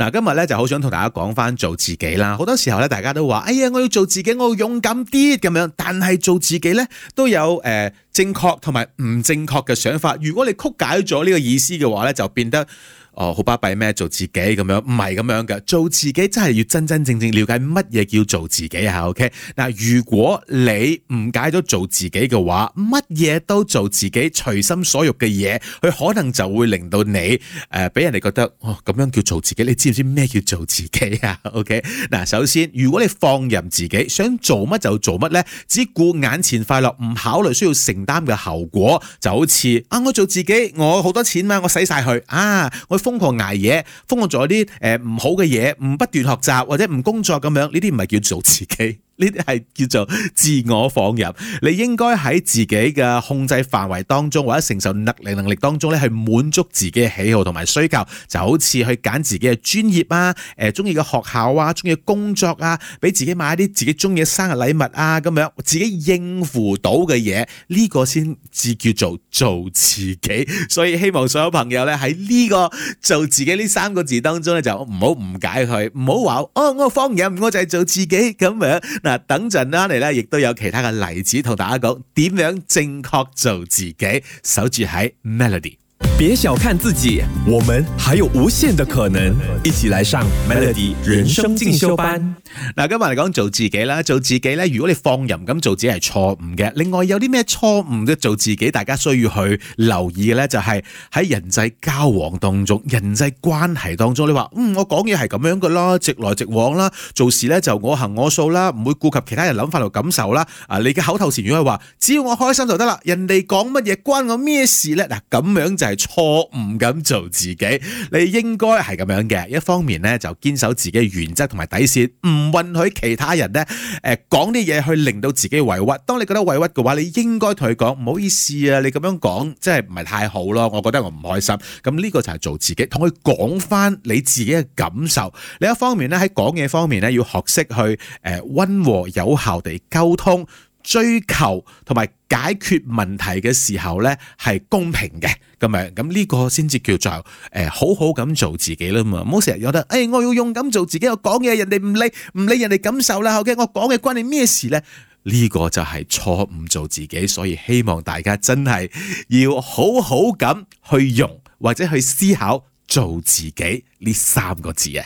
嗱，今日咧就好想同大家講翻做自己啦。好多時候咧，大家都話：哎呀，我要做自己，我要勇敢啲咁樣。但係做自己咧，都有誒，呃正確同埋唔正確嘅想法，如果你曲解咗呢個意思嘅話呢，就變得哦，好巴閉咩做自己咁樣？唔係咁樣嘅，做自己真係要真真正正了解乜嘢叫做自己啊。OK，嗱、呃，如果你誤解咗做自己嘅話，乜嘢都做自己，隨心所欲嘅嘢，佢可能就會令到你誒俾、呃、人哋覺得哦咁、呃、樣叫做自己，你知唔知咩叫做自己啊？OK，嗱、呃，首先如果你放任自己想做乜就做乜呢，只顧眼前快樂，唔考慮需要成啱嘅後果就好似啊，我做自己，我好多錢嘛，我使晒佢啊，我瘋狂挨夜，瘋狂做一啲誒唔好嘅嘢，唔不斷學習或者唔工作咁樣，呢啲唔係叫做自己。呢啲係叫做自我放任，你應該喺自己嘅控制範圍當中，或者承受能力能力當中咧，去滿足自己嘅喜好同埋需求，就好似去揀自己嘅專業啊，誒中意嘅學校啊，中意嘅工作啊，俾自己買一啲自己中意嘅生日禮物啊，咁樣自己應付到嘅嘢，呢個先至叫做做自己。所以希望所有朋友咧喺呢個做自己呢三個字當中咧，就唔好誤解佢，唔好話哦我放任，我就係做自己咁樣。嗱，等陣啦，你咧，亦都有其他嘅例子同大家講點樣正確做自己，守住喺 Melody。別小看自己，我們還有無限的可能， 一起來上 Melody 人生進修班。嗱，今日嚟講做自己啦，做自己咧，如果你放任咁做，自己係錯誤嘅。另外有啲咩錯誤嘅做自己，大家需要去留意嘅咧，就係、是、喺人際交往當中、人際關係當中，你話嗯，我講嘢係咁樣噶啦，直來直往啦，做事咧就我行我素啦，唔會顧及其他人諗法同感受啦。啊，你嘅口頭禪如果係話，只要我開心就得啦，人哋講乜嘢關我咩事咧？嗱，咁樣就係、是。錯誤咁做自己，你應該係咁樣嘅。一方面呢，就堅守自己原則同埋底線，唔允許其他人呢，誒講啲嘢去令到自己委屈。當你覺得委屈嘅話，你應該同佢講唔好意思啊，你咁樣講真係唔係太好咯。我覺得我唔開心。咁呢個就係做自己，同佢講返你自己嘅感受。另一方面呢，喺講嘢方面呢，要學識去誒溫和有效地溝通。追求同埋解決問題嘅時候呢，係公平嘅，咁樣。咁呢個先至叫做誒好好咁做自己啦嘛，唔好成日覺得，誒、欸、我要勇敢做自己，我講嘢人哋唔理，唔理人哋感受啦，後、okay? 期我講嘅關你咩事呢？呢、這個就係錯誤做自己，所以希望大家真係要好好咁去用或者去思考做自己呢三個字嘅。